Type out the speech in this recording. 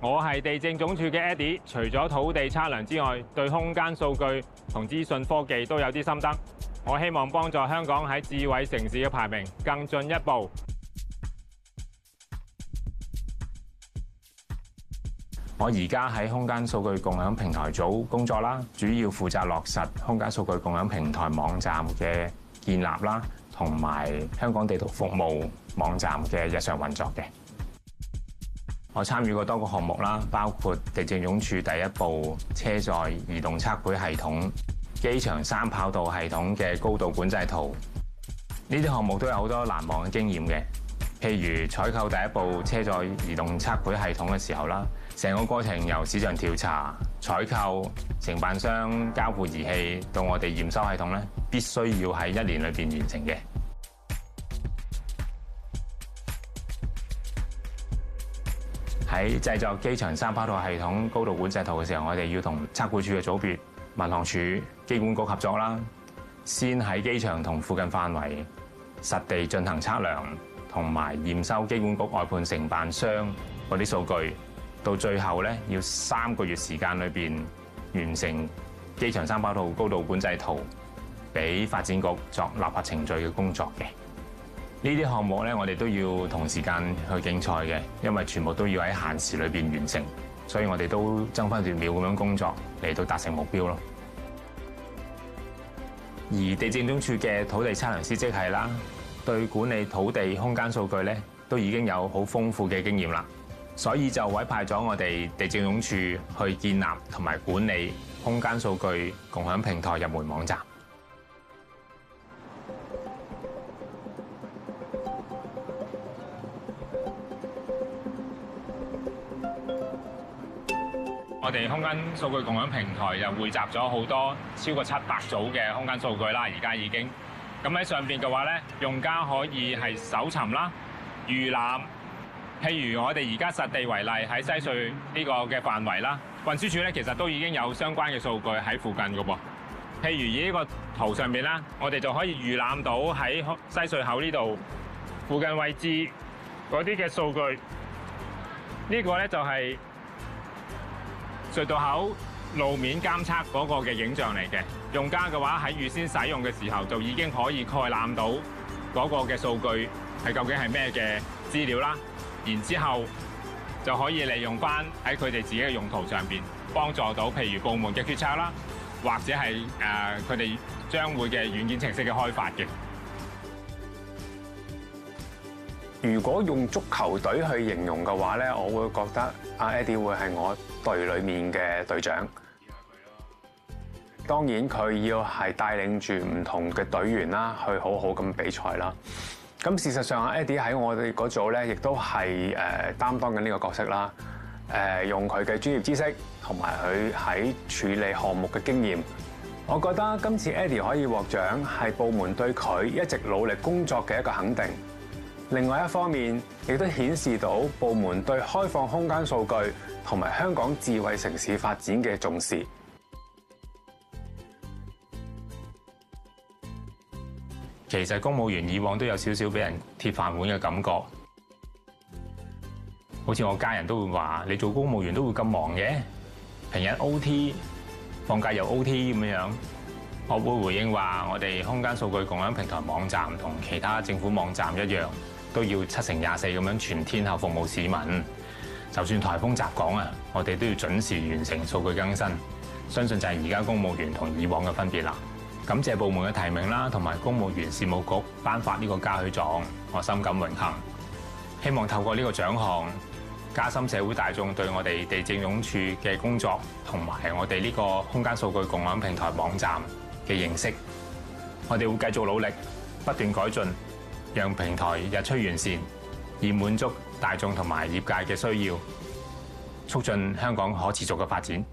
我係地政總署嘅 Eddie，除咗土地測量之外，對空間數據同資訊科技都有啲心得。我希望幫助香港喺智慧城市嘅排名更進一步。我而家喺空間數據共享平台組工作啦，主要負責落實空間數據共享平台網站嘅建立啦。同埋香港地圖服務網站嘅日常運作嘅，我參與過多個項目啦，包括地政總署第一部車載移動測繪系統、機場三跑道系統嘅高度管制圖，呢啲項目都有好多難忘嘅經驗嘅。譬如採購第一部車載移動測繪系統嘅時候啦，成個過程由市場調查、採購、承辦商交付儀器到我哋驗收系統咧，必須要喺一年裏邊完成嘅。喺製作機場三跑道系統高度管制圖嘅時候，我哋要同測繪處嘅組別、民航處、機管局合作啦，先喺機場同附近範圍實地進行測量，同埋驗收機管局外判承辦商嗰啲數據，到最後咧要三個月時間裏邊完成機場三跑道高度管制圖，俾發展局作立法程序嘅工作嘅。呢啲項目咧，我哋都要同時間去競賽嘅，因為全部都要喺限時裏邊完成，所以我哋都爭分奪秒咁樣工作嚟到達成目標咯。而地政總署嘅土地測量師即係啦，對管理土地空間數據咧，都已經有好豐富嘅經驗啦，所以就委派咗我哋地政總署去建立同埋管理空間數據共享平台入門網站。我哋空間數據共享平台又匯集咗好多超過七百組嘅空間數據啦，而家已經咁喺上面嘅話咧，用家可以係搜尋啦、預覽。譬如我哋而家實地為例喺西隧呢個嘅範圍啦，運輸署咧其實都已經有相關嘅數據喺附近噶噃。譬如以呢個圖上面啦，我哋就可以預覽到喺西隧口呢度附近位置嗰啲嘅數據。呢個咧就係。隧道口路面監測嗰個嘅影像嚟嘅，用家嘅話喺預先使用嘅時候就已經可以概覽到嗰個嘅數據，係究竟係咩嘅資料啦，然之後就可以利用翻喺佢哋自己嘅用途上邊幫助到，譬如部門嘅決策啦，或者係誒佢哋將會嘅軟件程式嘅開發嘅。如果用足球隊去形容嘅話咧，我會覺得阿 Eddie 會係我隊裏面嘅隊長。當然佢要係帶領住唔同嘅隊員啦，去好好咁比賽啦。咁事實上啊，Eddie 喺我哋嗰組咧，亦都係誒擔當緊呢個角色啦。誒用佢嘅專業知識同埋佢喺處理項目嘅經驗，我覺得今次 Eddie 可以獲獎，係部門對佢一直努力工作嘅一個肯定。另外一方面，亦都顯示到部門對開放空間數據同埋香港智慧城市發展嘅重視。其實公務員以往都有少少俾人鐵飯碗嘅感覺，好似我家人都會話：你做公務員都會咁忙嘅，平日 OT，放假又 OT 咁樣。我會回應話，我哋空間數據共享平台網站同其他政府網站一樣，都要七乘廿四咁樣全天候服務市民。就算颱風襲港啊，我哋都要準時完成數據更新。相信就係而家公務員同以往嘅分別啦。感謝部門嘅提名啦，同埋公務員事務局頒發呢個嘉許狀，我深感榮幸。希望透過呢個獎項，加深社會大眾對我哋地政總署嘅工作同埋我哋呢個空間數據共享平台網站嘅形式，我哋會繼續努力，不斷改進，讓平台日趨完善，以滿足大眾同埋業界嘅需要，促進香港可持續嘅發展。